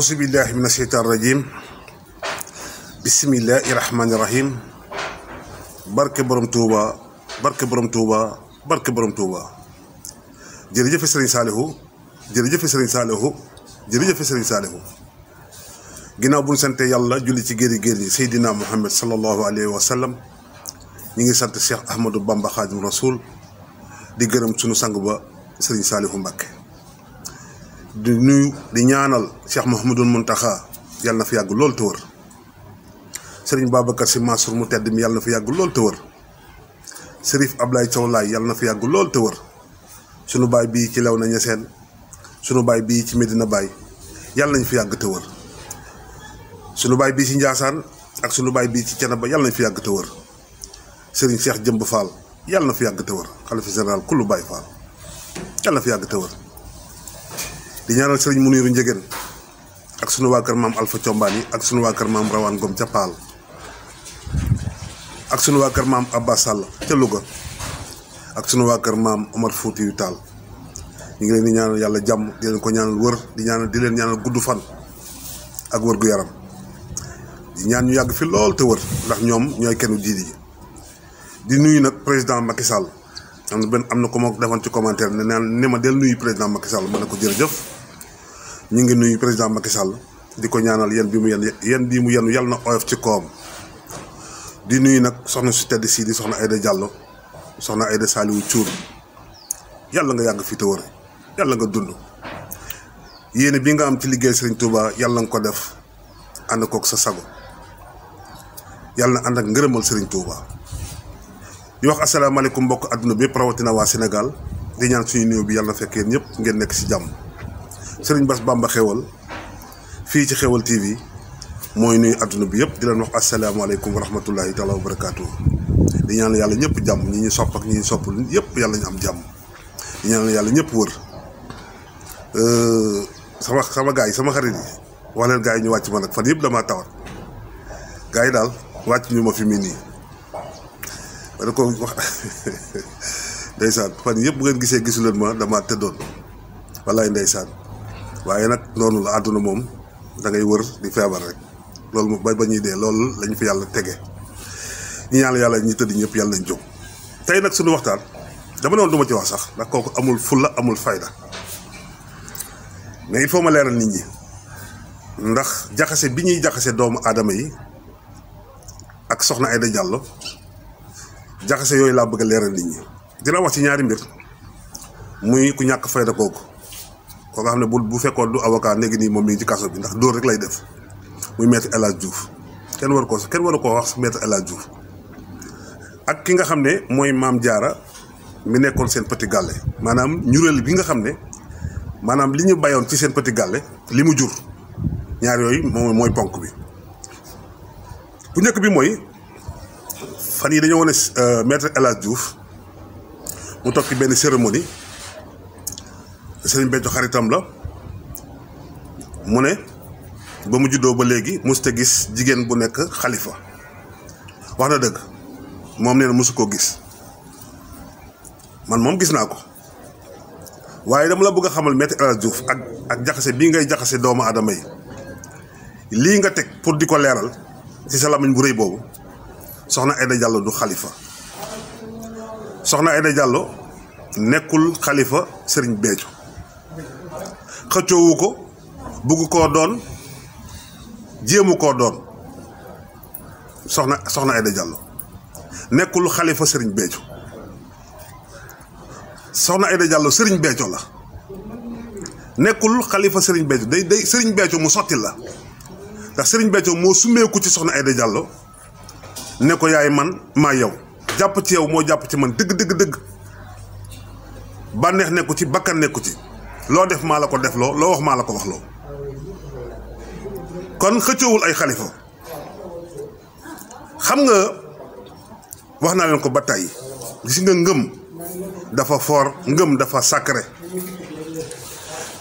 أعوذ بالله من الشيطان الرجيم بسم الله الرحمن الرحيم barke borom Touba barke borom Touba barke borom Touba jërëjëf Serigne Saliou jërëjëf Serigne Saliou jërëjëf Serigne Saliou ginnaaw bu ñu sante yàlla julli ci géri géri Seydina Muhammad sallallahu alayhi wa sallam ñi ngi sant Cheikh Ahmadou Bamba Khadim Rasoul di gërëm sunu sang ba Serigne Saliou Mbacké di nuyu di ñaanal cheikh mahamadul muntaxa yàlla fi yag lool te serigne sëriñ babacar si masour mu tedd mi yàlla fi yag lool te serif ablay ablaye yalna fi yag lool te sunu bay bi ci lew na ñeseen sunu bay bi ci medina bay yàlla ñu fi yag sunu bay bi ci ndiasan ak sunu bay bi ci canaba yàlla fi yag te serigne cheikh jëmb fall yàlla fi yag te khalifa general kullu fall fi yag di ñaanal sëriñ muniru njëgën ak sunu waa kër maam alpha combaan ak sunu waa kër maam rawaan gom ca paal ak sunu waa kër maam abba sàll ca luga ak sunu waa kër omar fuuti yu taal ñu ngi leen di ñaanal yàlla jàmm di leen ko ñaanal wër di ñaanal di leen ñaanal gudd fan ak wër gu yaram di ñaan ñu yàgg fi lool te wër ndax ñoom ñooy kenn diidi ji di nuyu nag président Macky Sall am na benn am ko defoon ci commentaire ne ne ma del nuyu président Macky Sall ma ne ñi ngi nuyu président Macky Sall di ko ñaanal yeen bi mu yeen yeen bi mu yeen yal na oyof ci koom di nuyu nag soxna su tedd si di soxna Aïda Diallo soxna Aïda Saliou Thiour yàlla nga yàgg fi te wër yàlla nga dund yéene bi nga am ci liggéey Serigne Touba yàlla nga ko def ànd koog sa sago yàlla na ànd ak ngërëmal Serigne Touba di wax asalaamaaleykum mbokk àdduna bépp rawatina waa Sénégal di ñaan suñu néew bi yàlla fekkee ñëpp ngeen nekk si jàmm serigne bass bamba xewal fi ci xewal tv moy nuy aduna bi yépp di leen wax assalamu alaykum wa rahmatullahi ta'ala wa barakatuh di ñaan yalla ñepp jamm ñi ñi sopp ak ñi ñi sopp yépp yalla ñu am jamm di ñaan yalla ñepp wër euh sama sama gaay sama xarit yi walen gaay ñu wacc ma nak fan yépp dama tawat gaay dal wacc ñu ma fi mini da ko wax ndaysan fan yépp bu ngeen gisee gisulen ma dama teddon wallahi ndaysan waaye nag noonu la àdduna moom da ngay wër di feebar rek loolu moom ba ba ñuy dee loolu lañ fi yàlla tege ñi ñaan yàlla ñi tëdd ñëpp yàlla nañ jóg tey nag suñu waxtaan dama ne woon du ma ci wax sax ndax kooku amul fulla amul fayda mais il faut ma leeral nit ñi ndax jaxase bi ñuy jaxase doomu aadama yi ak soxna da Diallo jaxase yooyu laa bëgg a leeral nit ñi dina wax ci ñaari mbir muy ku ñàkk fayda kooku ko nga xam ne bu bu fekkoon du avocat léegi nii moom mi ngi ci kaso bi ndax dóor rek lay def muy maître El Hadj Diouf kenn war koo kenn war ko wax maître El Hadj Diouf ak ki nga xam ne mooy maam jaara mi nekkoon seen petit maanaam ñuréel bi nga xam ne maanaam li ñu bayoon ci seen petit li mu jur ñaar yooyu moom mooy ponk bi bu njëkk bi mooy fan yi dañoo wane euh, maître El Hadj Diouf mu toog ci benn cérémonie sëriñ Béthio xaritam la mu ne ba mu juddoo ba léegi musta gis jigéen bu nekk xalifa wax na dëgg moom nee na mosu koo gis man moom gis naa ko waaye dama la bëgg a xamal Maître El ak ak jaxase bii ngay jaxase doomu aadama yi lii nga teg pour di ko leeral ci sa làmmiñ bu réy boobu soxna Aïda Diallo du xalifa soxna Aïda Diallo nekkul xalifa sëriñ Béthio xëccoowu ko bugg koo doon jéemu koo doon soxna soxna Aida Diallo nekkul xalifa sëriñ Béthio soxna Aida Diallo sëriñ Béthio la nekkul xalifa sëriñ Béthio day day sëriñ Béthio mu sotti la ndax sëriñ Béthio moo summeeku ci soxna Aida Diallo ne ko yaay man maa yow jàpp ci yow moo jàpp ci man dëgg dëgg dëgg bànneex nekku ci bakkan nekku ci lo def maa la ko def lo lo wax maa ko wax lo kon xëccewul ay khalifa xam nga wax na len ko batay gis nga ngëm dafa for ngëm dafa sacré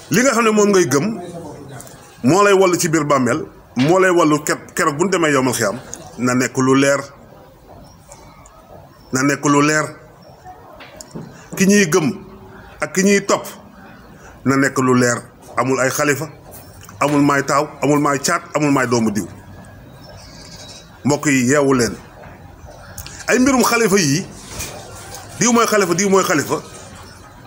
li nga xamne ne ngay gëm mo lay wallu ci bir bammel mo lay wallu kër buñu démé yowul xiyam na nek lu lèr na nek lu lèr ki ñuy gëm ak ki ñuy top na nekk lu leer amul ay xalifa amul may taw amul may chat amul may doomu diw mbokk yi yewu leen ay mbirum xalifa yi diw mooy xalifa diw mooy xalifa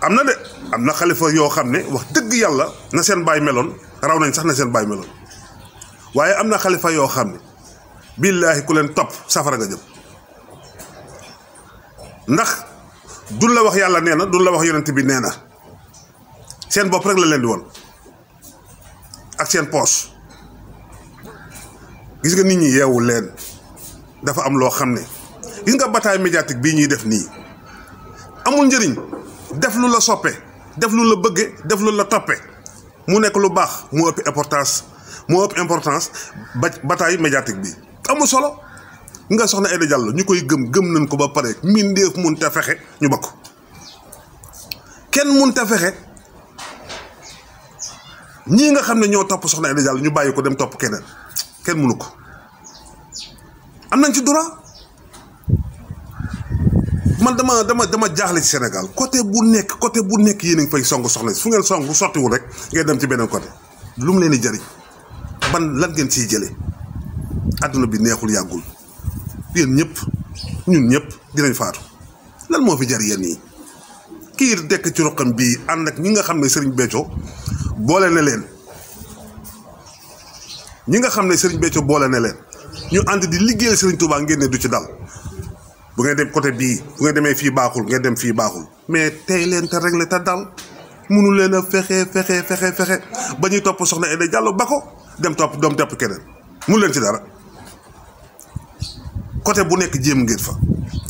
am na de am na xalifa yoo xam ne wax dëgg yàlla na seen baay meloon raw nañ sax na seen baay meloon waaye am na xalifa yoo xam ne billaahi ku leen topp safara nga jëm ndax duñ la wax yàlla nee na duñ la wax yonent bi nee na seen bopp rek la leen di woon ak seen poche gis nga nit ñi yeewu leen dafa am loo xam ne gis nga bataay médiatique bii ñuy def nii amul njëriñ def lu la soppe def lu la bëgge def lu la toppe mu nekk lu baax mu ëpp importance mu ëpp importance ba bataille médiatique bi amul solo nga soxna Aïda Diallo ñu koy gëm gëm nañ ko ba pare mbindeef mun ta fexe ñu bokk kenn mun ta fexe ñi nga xamne ne ñoo topp soxna Aida Diallo ñu bàyyi ko dem top keneen kenn mënu ko am nañ ci droit man dama dama dama jaxlé ci Sénégal côté bu nekk côté bu nekk yéen a ngi fay song soxna fu ngeen song wu rek ngeen dem ci benen côté lu mu leen di jëriñ ban lan ngeen ci jëlé aduna bi neexul yagul yeen ñepp ñun ñepp dinañ faatu lan mo fi yeen ni dekk ci bi ñi nga Serigne boole na leen ñi nga xam ne Serigne Béthio boole ne leen ñu ànd di liggéeyal Serigne Touba ngeen ne du ci dal bu ngeen dem côté bii bu ngeen demee fii baaxul ngeen dem fii baaxul mais tey leen te régler te dal mënu leen a fexe fexe fexe fexe ba ñuy topp soxna Aida Diallo ba ko dem topp doom tepp keneen mu leen ci dara côté bu nekk jéem ngeen fa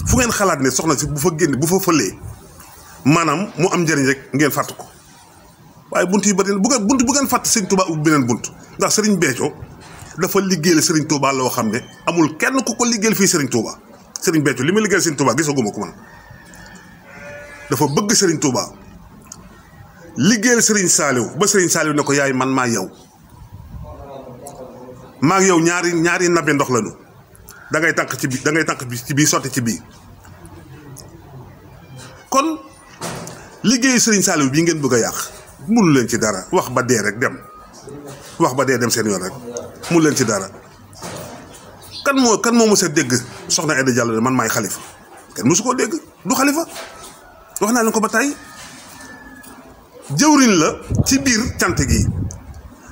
fu ngeen xalaat ne soxna si bu fa génn bu fa fëlee maanaam mu am njëriñ rek ngeen fàtt ko. waaye bunt yi bëri bu ngeen bunt bu ngeen fàtte Serigne Touba ubbi beneen bunt ndax Serigne Béthio dafa liggéeyal Serigne Touba loo xam ne amul kenn ku ko liggéeyal fii Serigne Touba Serigne Béthio li ma liggéeyal Serigne Touba gisaguma ko man bëgg Serigne Touba liggéeyal Serigne Saliou ba sëriñ Saliou ne ko yaay man maa yow maa yow ñaari ñaari nabe ndox lañu da ngay tànk ci bii da ngay tànk ci bii sotti ci bii kon liggéeyu Serigne Saliou bii ngeen bëgg a yàq. mënu leen ci dara wax ba dee rek dem wax ba dee dem seen yoon rek mu leen ci dara kan moo kan moo mës a dégg soxna Aida Diallo man maay xalifa kenn mësu koo dégg du xalifa wax naa leen ko ba tey jëwriñ la ci biir cant gi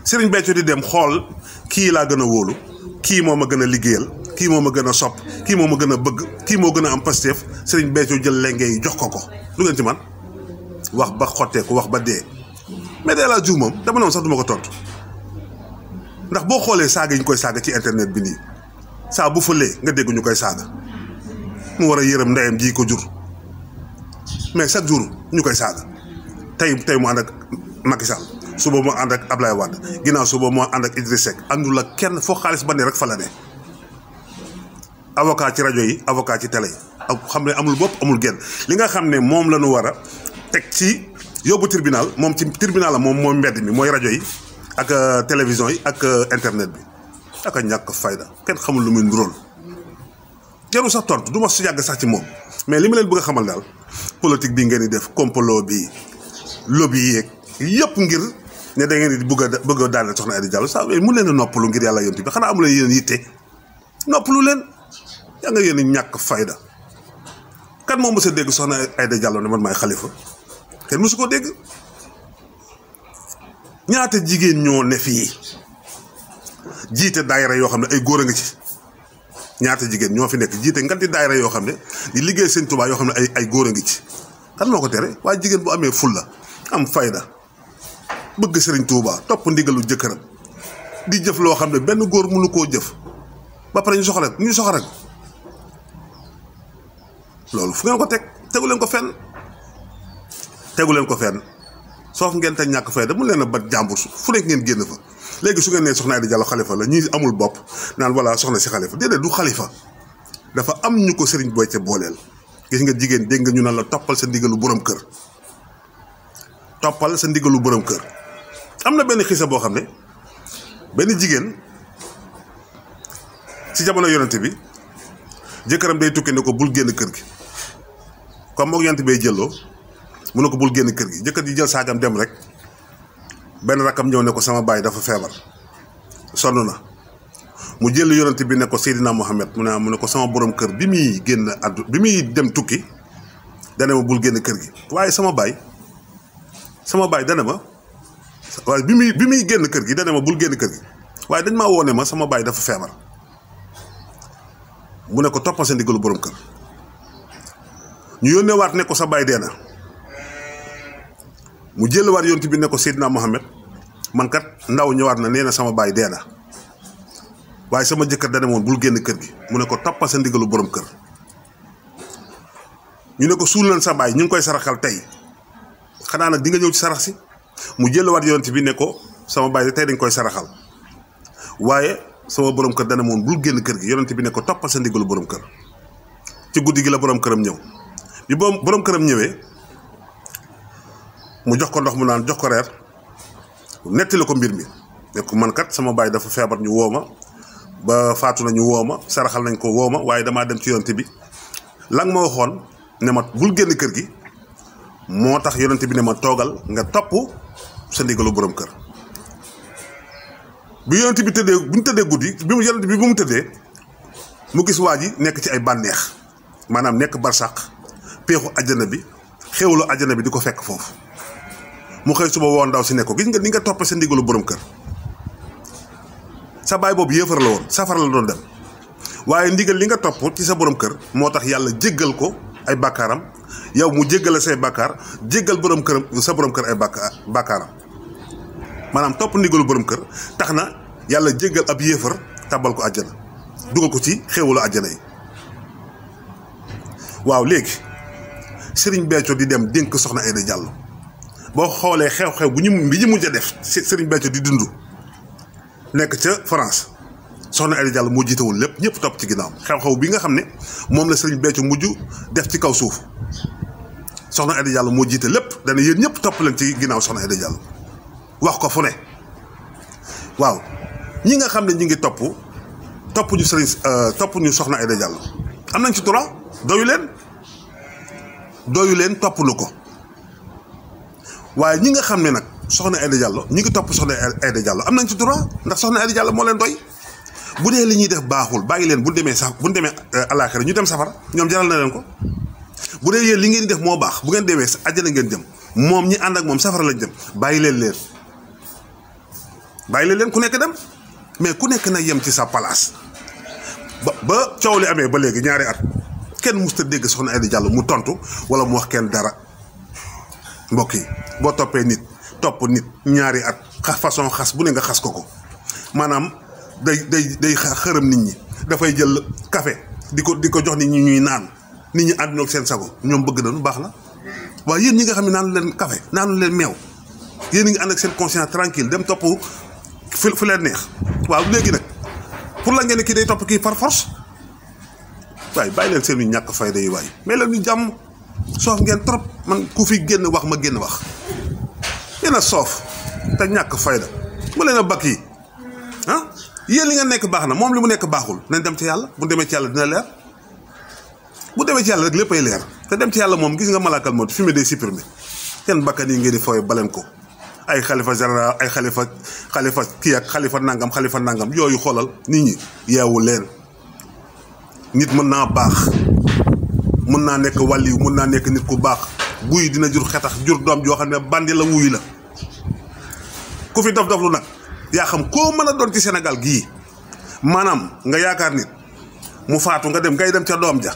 sëriñ Béthio di dem xool kii laa gën a wóolu kii moom ma gën a liggéeyal kii moom a gën a sopp kii moom a gën a bëgg kii moo gën a am pasteef sëriñ Béthio jël lenge yi jox ko ko lu ngeen ci man wax ba xotteeku wax ba dee mais de la Diouf moom dama noonu sax duma ko tontu ndax boo xoolee saaga yi ñu koy saaga ci internet bi nii saa bu fëlee nga dégg ñu koy saaga mu war a yërëm ndeyam jii ko jur mais chaque jour ñu koy saaga tey tey mu ànd ak Macky Sall suba mu ànd ak Ablaye Wade ginnaaw suba mu ànd ak Idriss Seck àndul a kenn foo xaalis ba ne rek fa la ne avocat ci rajo yi avocat ci télé yi ak xam ne amul bopp amul genn li nga xam ne moom la ñu war a teg ci. yobu tribunal mom ci tribunal mom mo mbedd mi moy radio yi ak euh, télévision yi ak euh, internet bi ak ñak fayda ken xamul lu muy ndrol jëru sa tontu duma su yàgg sax ci mom mais limu leen bëgg xamal daal politique bi ngeen def complot bi lobby yeeg yépp ngir ne da ngeen di bëgg bëgg a soxna Adi Diallo saa leen a noppalu ngir yalla yonti bi xana amu leen yéen yitte leen ya nga yeen ñak fayda kan mo mësa dégg soxna Aida Diallo ne man may khalifa kenn musu ko dégg ñaata jigéen ñoo ne fii jiite daayira yoo xam ne ay góor a nga ci ñaata jigéen ñoo fi nekk jiite nganti daayira yoo xam ne di liggéey seen tubaa yoo xam ne ay ay góor a ci kan moo ko tere waaye jigéen bu amee ful la am fayda bëgg sëriñ tuubaa topp ndigalu jëkkëram di jëf loo xam ne benn góor mënu koo jëf ba pare ñu soxla ñu soxla loolu fu ngeen ko teg tegu leen ko fenn tegu leen ko fenn soof ngeen ñàkk fayda mu leen a bat jàmbur fu nekk ngeen génn fa léegi su ngeen nee soxna Aida Diallo xalifa la ñi amul bopp naan voilà soxna si xalifa déedéet du xalifa dafa am ñu ko sëriñ boy ca booleel gis nga jigéen dégg nga ñu naan la toppal sa ndigalu borom kër toppal sa ndigalu borom kër am na benn xisa boo xam ne benn jigéen ci jamono yonante bi jëkkëram day tukki ne ko bul génn kër gi comme moog yonante bay jëlloo mu ne ko bul génn kër gi jëkkër ji jël saagam dem rek benn rakam ñëw ne ko sama baay dafa feebar sonn na mu jël yonent bi ne ko Seydina Mohamed mu ne mu ne ko sama borom kër bi muy génn addu bi muy dem tukki dana ma bul génn kër gi waaye sama baay sama baay dana ma waaye bi muy bi muy génn kër gi dana ma bul génn kër waaye dañ maa woone ma sama baay dafa feebar mu ne ko toppal sa ndigalu borom kër ñu yónneewaat ne ko sa baay dee na mu jël war yonte bi ne ko seydina muhammad man kat ndaw ñëwaat na neena sama baay deena waye waaye sama jëkkër dane woon bul genn kër gi mu ne ko tapa sa ndigalu borom kër ñu ne ko sul nañ sa baay ñu ngi koy saraxal tay xana nak di nga ñew ci sarax si mu jël war yonte bi ne ko sama baay de dañ koy saraxal waye sama borom kër mon woon bul genn kër gi yonente bi ne ko tapa sa ndigalu borom kër ci guddigi la borom kërëm ñew bi borom kërëm ñewé mu jox ko ndox mu naan jox ko reer nettali ko mbir mi ne ko man kat sama baay dafa feebar ñu wooma ba faatu nañu wooma saraxal nañ ko wooma waaye dama dem ci yonte bi lang ma waxoon ne ma bul génn kër gi moo tax yonente bi ne ma toogal nga topp sa ndigalu borom kër bi yonente bi tëddee bu ñu tëddee guddi bi mu yonente bi bu mu tëddee mu gis waa ji nekk ci ay bànneex maanaam nekk barsàq peexu àjjana bi xewlu àjjana bi di ko fekk mu xëy suba woon daw si ne ko gis nga ni nga topp sa ndigalu borom kër sa baay boobu yëfar la woon safar la doon dem waaye ndigal li nga topp ci sa borom kër moo tax yàlla jéggal ko ay bàkkaaram yow mu jéggale say bàkkaar jéggal borom kër sa borom kër ay bàkkaar bàkkaaram maanaam topp ndigalu borom kër tax na yàlla jéggal ab yéefar tabal ko àjjana dugal ko ci xéewalu àjjana yi waaw léegi sëriñ Béthio di dem dénk soxna Aïda Diallo boo xoolee xew-xew bu ñu bi ñu mujj a def Serigne Béthio di dund nekk ca France soxna Aïda Diallo moo jiitewul lépp ñëpp topp ci ginnaaw xew-xew bi nga xam ne moom la Serigne Béthio mujj def ci kaw suuf soxna Aïda Diallo moo jiite lépp dana yéen ñëpp topp leen ci ginnaaw soxna Aïda Diallo wax ko fu ne waaw ñi nga xam ne ñu ngi topp topp ñu Serigne euh, topp ñu soxna Aïda Diallo am nañ si droit doyu leen doyu leen topp lu ko. waaye ñi nga xam ne nag soxna Aida Diallo ñi ngi topp soxna Aida Diallo am nañ ci droit ndax soxna Aida moo leen doy bu dee li ñuy def baaxul bàyyi leen bu demee sax bu demee euh, àllaaxira ñu dem safara ñoom jaral na leen ko bu dee yéen li ngeen def moo baax bu ngeen demee sa àjjana ngeen jëm moom ñi ànd ak moom safara lañ jëm bàyyi leen leen bàyyi leen leen ku nekk dem mais ku nekk na yem ci sa place ba ba coow li amee ba léegi ñaari at kenn musta dégg soxna Aida Diallo mu tontu wala mu wax kenn dara. mbokk yi boo toppee nit topp nit ñaari at xa façon xas bu ne nga xas ko ko maanaam day day day xërëm nit ñi dafay jël café di ko di ko jox nit ñi ñuy naan nit ñi ànduna ak seen sago ñoom bëgg nañu baax la waaye yéen ñi nga xam ne naan leen café naan leen meew yéen ngi ànd ak seen conscience tranquille dem topp fu fu leen neex waaw léegi nag pour la ngeen kii day topp kii par force waaye bàyyi leen seen ñàkk fayda yi waay mais leen ñu jàmm soof ngeen trop man ku fi génn wax ma génn wax yéen a soof te ñàkk fayda mu leen a bakk yi ah yéen li nga nekk baax na moom li mu nekk baaxul nañ dem ci yàlla bu demee ci yàlla dina leer bu demee ci yàlla rek léppay leer te dem ci yàlla moom gis nga malaakal moom fi mu supprimer seen bakkan yi ngeen di fooy baleen ko ay xalifa général ay xalifa xalifa kii ak xalifa nangam xalifa nangam yooyu xoolal nit ñi yeewu leen nit mën naa baax mun naa nekk wàlliw mun naa nekk nit ku baax guy dina jur xetax jur doom joo xam ne bandi la wuy la ku fi dof dof lu nag yaa xam koo mën a doon ci senegal gii maanaam nga yaakaar nit mu faatu nga dem ngay dem ca doom ja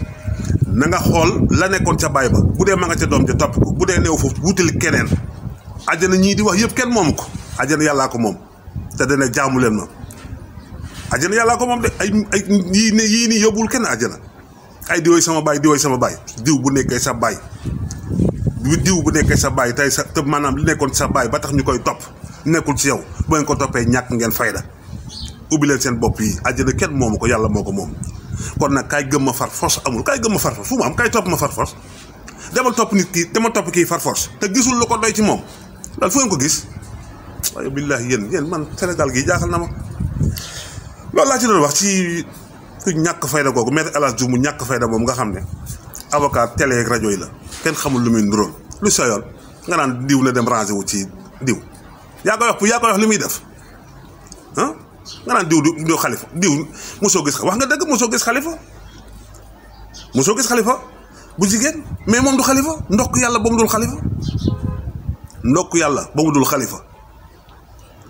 nanga xool la nekkoon ca baay ba bu dee ma nga ca doom ja topp ko bu dee néew foofu wutali keneen ajana ñii di wax yëpp kenn moomu ko ajana yàllaa ko moom te dana jàmmu leen ma ajana yàllaa ko moom de ay ay yii nii yóbbul kenn ajana ay diwooy sama baay diwooy sama baay diw bu nekkee sa baay diw bu nekkee sa baay tey sa te maanaam li nekkoon sa baay ba tax ñu koy topp nekkul ci yow boo ngeen ko toppee ñàkk ngeen fayda ubbi leen seen bopp yi àjjana kenn moomu ko yàlla moo ko moom kon nag kaay gëm ma far force amul kaay gëm ma far force fu mu am kay topp ma far force demal topp nit kii demal topp kii far force te gisul lu ko doy ci moom loolu fu ngeen ko gis waaye billaahi yéen yéen man senegal gi jaaxal na ma loolu laa ci doon wax ci. ku ñàkk fayda googu maître El Hadji mu ñàkk fayda moom nga xam ne avocat télé ak rajo yi la kenn xamul lu muy nuróol lu sa yoon nga naan diw na dem rangé wu ci diw yaa koy wax yaa koy wax li muy def ah nga naan diw diw xalifa diw mosoo gis wax nga dëgg mosoo gis xalifa mosoo gis xalifa bu jigéen mais moom du xalifa ndokk yàlla ba mu dul xalifa ndokk yàlla ba mu dul xalifa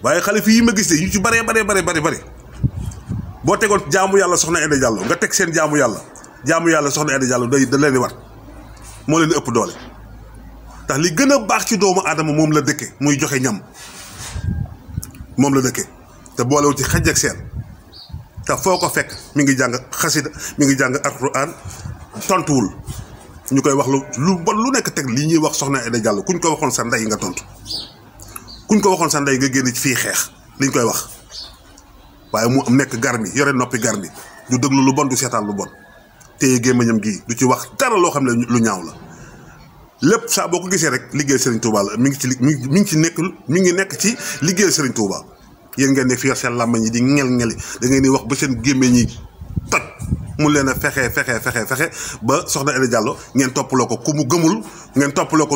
waaye xalifa yi ma gis de yu ci baree baree baree baree bo tegon jaamu yalla soxna ene jallo nga tek sen jaamu yalla jaamu yalla soxna ene jallo day da leen di war moo leen ëpp doole tax li gën a baax ci doomu aadama mom la dëkke muy joxe ñam mom la dëkke te boolewul ci xajj ak sen ta foko fek mi ngi jang xasida mi ngi jang alquran tontuul ñukoy wax lu lu bon lu nekk teg li ñi wax soxna ene jallo kuñ ko waxon sa nday nga tontu kuñ ko waxon sa nday nga ci fi xex liñ koy wax. waaye mu nekk garmi yore noppi garmi du déglu lu bon du seetaan lu bon téye gémmiñam gii du ci wax dara loo xam ne lu ñaaw la lépp saa boo ko gisee rek liggéey Serigne Touba la mi ngi ci mi mi ngi ci nekk mi ngi nekk ci liggéey Serigne Touba yéen ngeen ne fi yor seen làmmañ yi di ngel ngeli da ngeen di wax ba seen gémmiñ yi toj mun leen a fexe fexe fexe fexe ba soxna Aida Diallo ngeen toppaloo ko ku mu gëmul ngeen toppaloo ko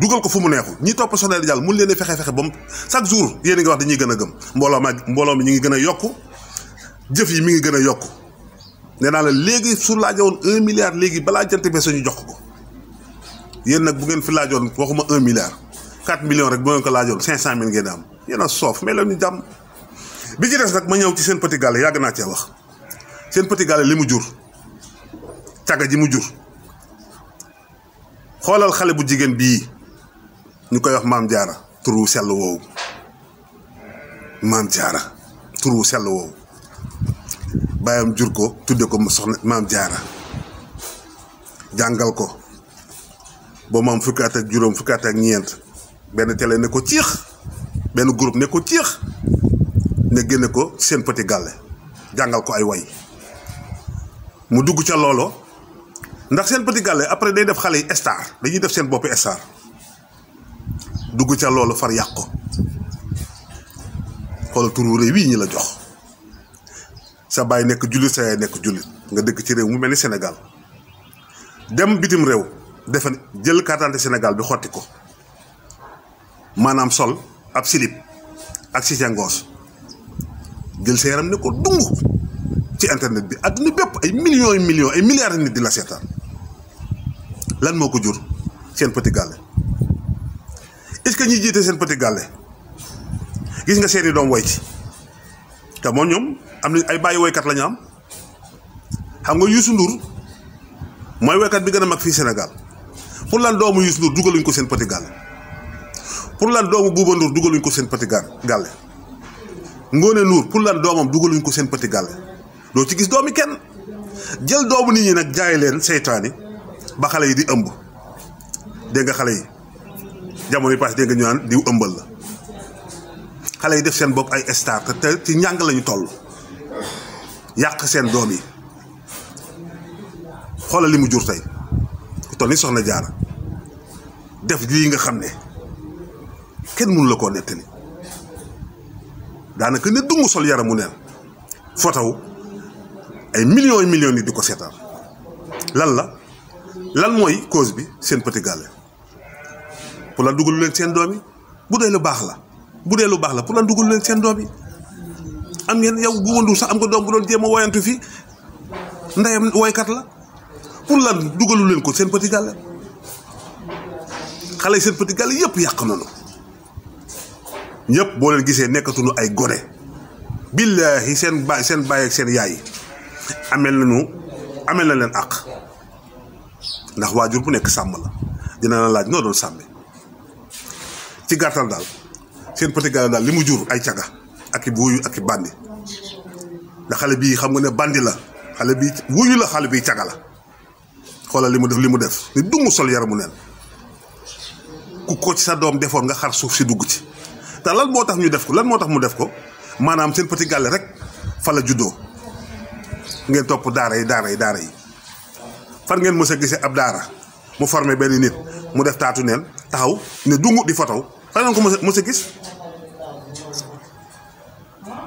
dugal ko fu mu neexu ñi topp soxna Aida Diallo mun leen fexe fexe ba mu chaque jour yéen a ngi wax dañuy gën a gëm mbooloo ma mbooloo ñu ngi gën a yokku jëf yi mi ngi gën a yokk nee naa la léegi su laajoon un milliard léegi balaa jant bee suñu jox ko yéen nag bu ngeen fi laajoon waxuma un milliard quatre millions rek bu ngeen ko laajoon cinq cent mille ngeen am yéen a soof mais la ñu jàmm bi ci ñëw ci seen petit yàgg naa cee wax. seen petit li mu jur càgga ji mu jur xoolal xale bu jigéen bii ñu koy wax maam jaara turu wu woowu maam jaara turu sell woowu bàyyam jur ko tudde ko soxna maam jaara jàngal ko ba moom fukki ak juróom fukki at ak ñeent benn télé ne ko ciix benn group ne ko ciix ne génne ko seen petit jàngal ko ay way mu dugg ca loolo ndax seen petit galle après day def xale yi star dañuy def seen boppi star dugg ca far yàq ko xoolal turu réew yi ñi la jox sa baay nekk julit sa yaay nekk julit nga dëkk ci réew mu mel ni sénégal dem bitim réew defe jël carte sénégal bi xotti ko maanaam sol ab silip ak si jangos jël sa ne ko dungu ci internet bi àdduna bépp ay million yu millions ay milliards nit di la seetaan lan moo ko jur seen petit gàlle est-ce que ñuy jiite seen petit gàlle gis nga seeni doom woy ci te moom ñoom am na ay bàyyi woykat lañu am xam nga Youssou Ndour mooy woykat bi gën a mag fii senegal pour lan doomu Youssou Ndour dugaluñ ko seen petit gàlle pour lan doomu Bouba Ndour dugaluñ ko seen petit gàlle Ngoné Ndour pour lan doomam dugaluñ ko seen petit gàlle do ci gis doomi kenn jël doomu nit ñi nag jaay leen seytaani ba xale yi di ëmb dégg nga xale yi jamono yi paas dégg nga ñaan naan diw ëmbal la xale yi def seen bopp ay star te ci njàng lañu toll yàq seen doom yi xoolal li mu jur tey toll ni soxna jaara def li nga xam ne kenn mënu la koo nettali daanaka ne dungu sol yaramu neen fotaw ay millions et millions nit di ko seetaan lan la lan mooy cause bi seen petit gàlle pour la dugal leen seen doom yi bu dee baax la bu dee lu baax la pour la leen seen doom yi am ngeen yow bu wëndu sax am nga doom bu doon jéem a woyantu fi ndeyam woykat la pour lan dugalu leen ko seen petit gàlle xale yi seen petit gàlle yëpp yàq nañu ñëpp boo leen gisee nekkatuñu ay gone billaahi seen baay seen baay ak seen yaay amel nañu amel na leen àq ndax waajur bu nekk sàmm la dina la laaj noo doon sàmme ci gàttal daal seen petit daal li mu jur ay caga ak i wuyu ak i bandi ndax xale bii xam nga ne bandi la xale bi wuyu la xale bi caga la xoolal li mu def li mu def ni dungu sol yaramu neen ku ko ci sa doom defoon nga xar suuf si dugg ci te lan moo tax ñu def ko lan moo tax mu def ko maanaam seen petit rek fa la juddoo ngeen top daara yi daara yi daara yi far ngeen mës a gisee ab daara mu formé benn nit mu def taatu neen taxaw ne dungu di foto far ngeen ko mës a gis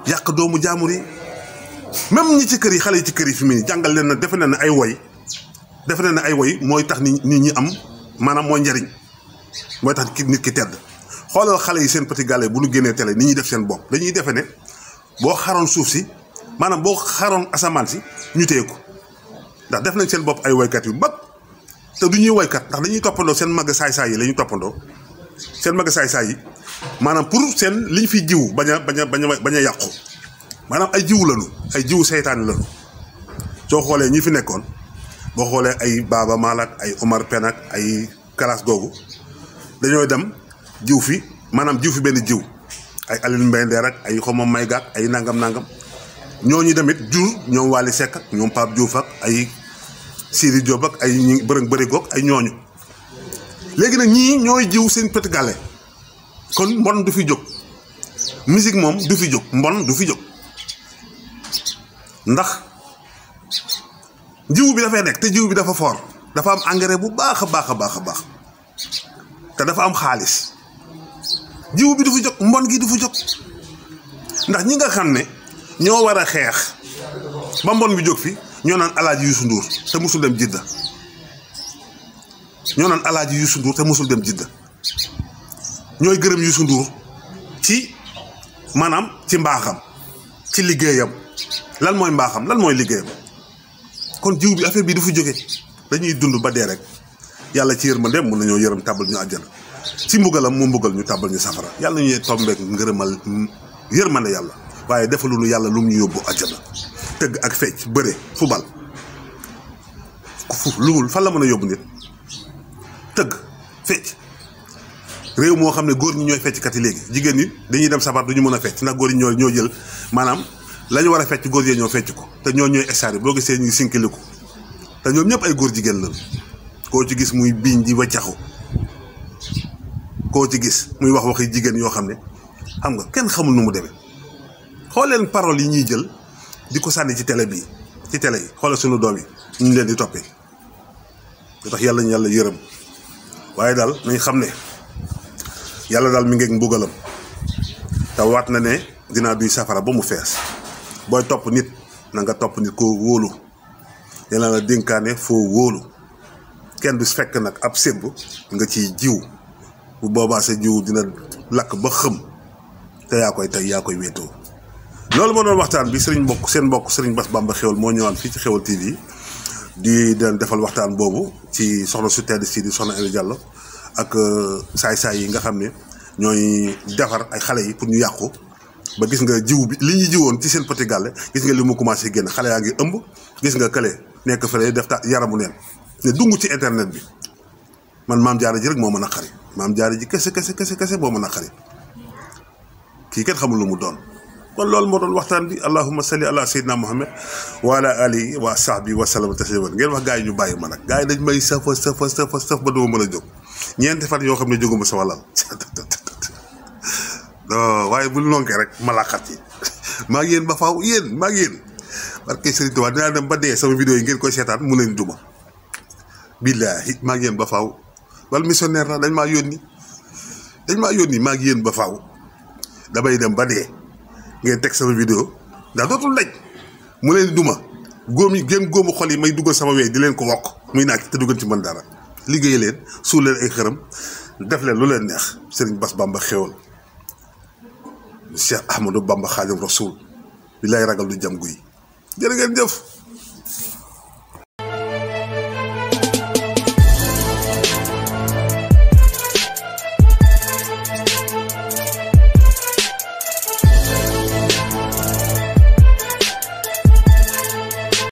yàq doomu jaamur yi même ñi ci kër yi xale yi ci kër yi fi mu ne jàngal leen na defe na ay woy defe na ay woy mooy tax nit ñi am maanaam mooy njariñ mooy tax nit ki tedd xoolal xale yi seen petit gàlle bu nu génnee télé ni ñuy def seen bopp dañuy defe ne boo xaroon suuf si maanaam boo xaroon asamaan si ñu téye ko ndax def nañ seen bopp ay waykat yu mag te du ñuy woykat ndax dañuy toppandoo seen mag saay-saay yi la ñuy toppandoo seen mag saay yi maanaam pour seen liñ fi jiw bañ a bañ a bañ a yàqu maanaam ay jiw lalu ay jiwu seytaane lañu soo xoolee ñi fi nekkoon boo xoolee ay Baaba Maal ak ay Omar Pène ay kalaas googu dañooy dem jiw fi maanaam jiw fi benn jiw ay Aline Mbendeer ak ay xoma may ay nangam nangam ñooñu tamit jur ñoom Wally Seck ak ñoom Pape Diouf ak ay Siri Diop ak ay ñi bëri bëri goog ay ñooñu léegi nag ñii ñooy jiw seen petit galé kon mbon du fi mom musique moom du fi jóg mbon du fi jóg ndax jiw bi dafay nekk te jiw bi dafa for dafa am engrais bu baax a baax baax te dafa am xaalis jiw bi du fi jóg mbon gi du fi ndax ñi nga ne ño wara xex ba mbon bi jog fi ño nan alaaji yusuf ndour te musul dem jidda ño nan alaaji yusuf ndour te musul dem jidda ñooy gërem yusuf ndour ci manam ci mbaxam ci liggéeyam lan moy mbaxam lan moy liggéeyam kon diiw bi affaire bi dafa jóge dañuy dund ba dé rek yalla ci dem mëna nañoo yërm tabal ñu àjjana ci mbugalam mu mbugal ñu tabal ñu safara yalla ñu tombeek ngërëmal yërmande yalla waaye defaluñu yàlla lu mu ñu yóbbu àjjana tëgg ak fecc bëre fubal fu luwul fan la mën a yóbbu nit tëgg fecc réew moo xam ne góor ñi ñooy fecckat yi léegi jigéen ñi dañuy dem sabar du ñu mën a fecc ndax góor ñi ñoo ñoo jël maanaam la ñu war a fecc góor yee ñoo fecc ko te ñoo ñooy extar boo gisee ñu sinkiliku te ñoom ñëpp ay góor jigéen lañu koo ci gis muy biiñ di waccaxu koo ci gis muy wax waxi jigéen yoo xam ne xam nga kenn xamul nu mu demee xool leen parole yi ñuy jël di ko sànni ci télé bi ci télé yi xoolal suñu doom yi ñu leen di toppee lu tax yàlla ñu yàlla yërëm waaye daal nañ xam ne yàlla daal mi ngeeg mbugalam te waat na ne dinaa duy safara ba mu fees booy topp nit na nga topp nit koo wóolu yàlla la dénkaane foo wóolu kenn du fekk nag ab sébb nga ciy jiw bu boobaa sa jiw dina lakk ba xëm te yaa koy tey yaa koy wéetoo Nol mo doon waxtaan bi serigne mbokk sen mbokk serigne Bass Bamba xewal mo ñewal fi ci xewal TV di dal defal waxtaan bobu ci soxna su tedd si di soxna el Diallo ak euh, say say yi nga xamne ñoy defar ay xalé yi pour ñu yaqku ba gis nga jiw bi li ñi jiwon ci sen petit gàlle gis nga li mu commencé genn xalé ya ngi ëmb gis nga nek fa lay def ta yaramu neen ne dungu ci internet bi man mam jaara ji rek mo meuna xari mam jaara ji kese kese kese kese moo xari ki kat xamul lu mu doon kon loolu moo doon waxtaan bi allahumma salli ala sayyidina muhammad wa ala alihi wa sahbihi a sallam tasliman ngeen wax gars yi ñu bàyyi ma nag gars yi dañ may safa safa safa saf a jóg ñeenti fan yoo xam ne jóguma sama lal waaye bul nonkee rek ma làqat yi maa yéen ba faw yéen maa ngi yéen parce que dem ba dee sama vidéo yi koy seetaan mu leen duma billaahi ba faaw wala missionnaire la dañ ma yónni dañ maa yónni maa yéen ba faw damay dem ba dee ngeen teg sama vidéo ndax dootul daj mu leen duma góom yi gën góomu xol yi may duggal sama wee di leen ko wokk muy naaj te duggal ci man dara liggéey leen suul leen ay xërëm def leen lu leen neex Serigne Bass Bamba xéwal Cheikh Ahmadou Bamba Xaadim Rasoul bi lay ragal du jam guy jërë ngeen jëf